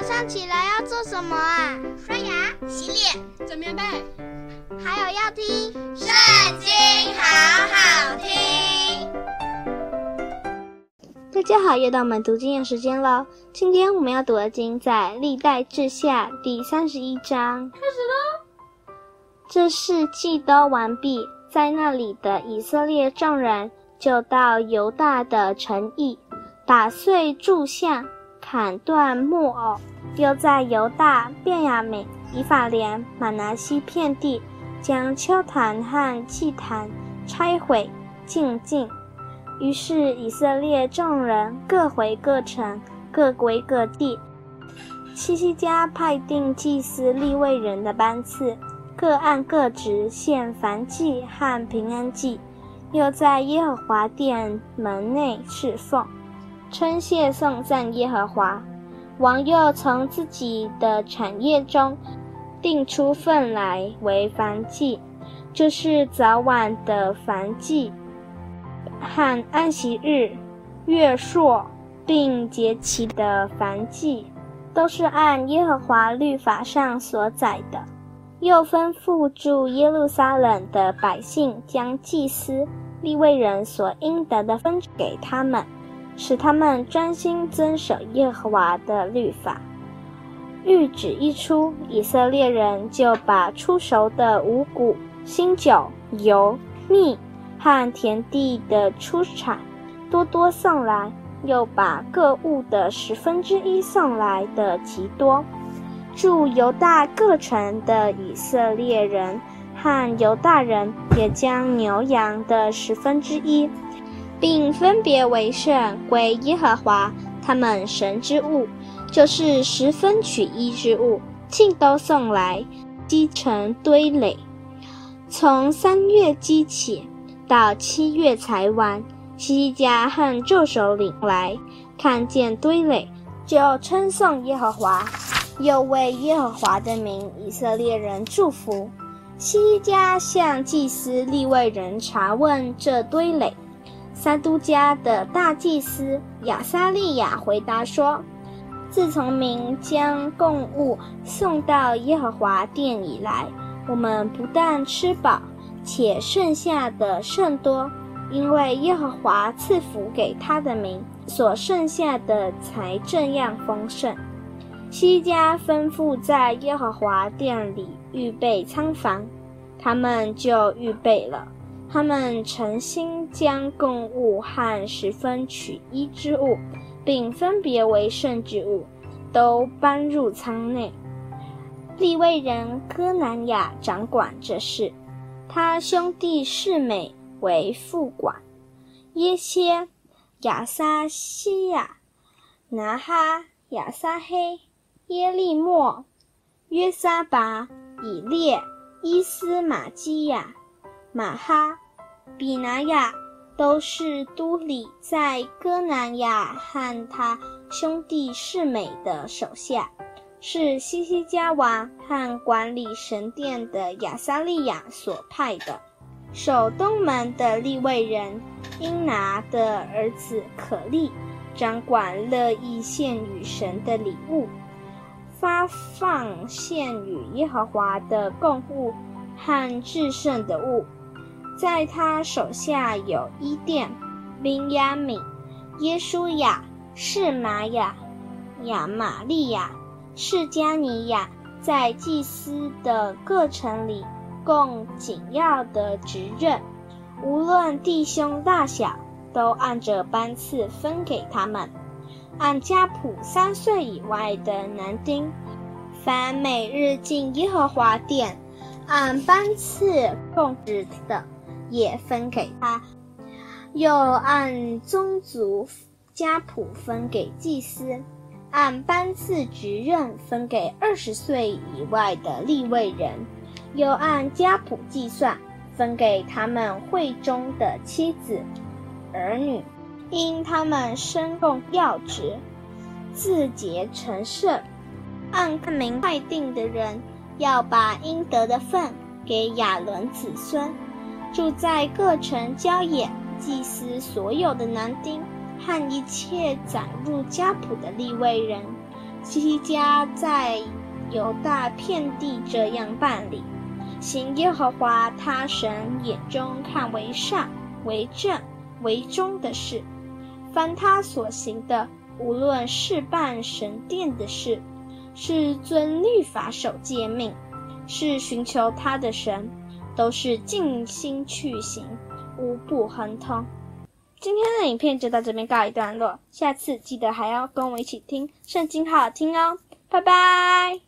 早上起來要做什麼啊？刷牙、洗臉、整棉被，還有要聽《聖經》，好好聽。大家好，又到我們讀經的時間了。今天我們要讀的經在《歷代志下》第三十一章。開始嘍！這事既都完畢，在那裡的以色列眾人就到猶大的城邑，打碎柱像。砍斷木偶，又在猶大、便雅憫、以法蓮、瑪拿西遍地，將邱壇和祭壇拆毀淨盡。於是以色列眾人各回各城，各歸各地。希西家派定祭司、利未人的班次，各按各職獻燔祭和平安祭，又在耶和華殿門內侍奉。稱謝頌讚耶和華，王又從自己的產業中定出分來為燔祭，這、就是早晚的燔祭和安息日、月朔並節期的燔祭，都是按耶和華律法上所載的。又吩咐住耶路撒冷的百姓，將祭司、利未人所應得的分給他們。使他們專心遵守耶和華的律法。諭旨一出，以色列人就把初熟的五穀、新酒、油、蜜和田地的出產多多送來，又把各物的十分之一送來的極多。住猶大各城的以色列人和猶大人也將牛羊的十分之一，並分別為聖歸耶和華，他們神之物，就是十分取一之物，盡都送來積成堆壘。從三月積起，到七月才完。希西家和眾首領來，看見堆壘，就稱頌耶和華，又為耶和華的民以色列人祝福。希西家向祭司利未人查問這堆壘。撒督家的大祭司亞撒利雅回答說：“自從民將供物送到耶和華殿以來，我們不但吃飽，且剩下的甚多，因為耶和華賜福給他的民，所剩下的才這樣豐盛。”西家吩咐在耶和華殿裡預備倉房，他們就預備了。他們誠心將供物和十分取一之物，並分別為聖之物，都搬入倉內。利未人歌楠雅掌管這事，他兄弟示每為副管。耶歇、亞撒細雅、拿哈、亞撒黑、耶利末、約撒拔、以列、伊斯瑪基雅、瑪哈。比拿雅都是督理，在歌楠雅和他兄弟示每的手下，是希西家王和管理神殿的亞撒利雅所派的。守東門的利未人音拿的兒子可利，掌管樂意獻與神的禮物，發放獻與耶和華的供物和至聖的物。在他手下有伊甸、岷雅岷、耶書亞、示瑪雅、亞瑪利雅、示迦尼雅，在祭司的各城裡，供緊要的職任，無論弟兄大小，都按着班次分給他們，按家譜三歲以外的男丁，凡每日進耶和華殿，按班次供職的。也分給他，又按宗族家譜分給祭司，按班次職任分給二十歲以外的利未人，又按家譜計算分給他們會中的妻子、兒女，因他們身供要職，自潔成聖，按名派定的人，要把應得的分給亞倫子孫。住在各城郊野，祭司所有的男丁和一切載入家譜的利未人。希西家在猶大遍地這樣辦理，行耶和華他神眼中看為善、為正、為忠的事。凡他所行的，無論是辦神殿的事，是遵律法守誡命，是尋求他的神，都是盡心去行，無不亨通。今天的影片就到這邊告一段落，下次記得還要跟我一起聽聖經，好好聽哦，拜拜。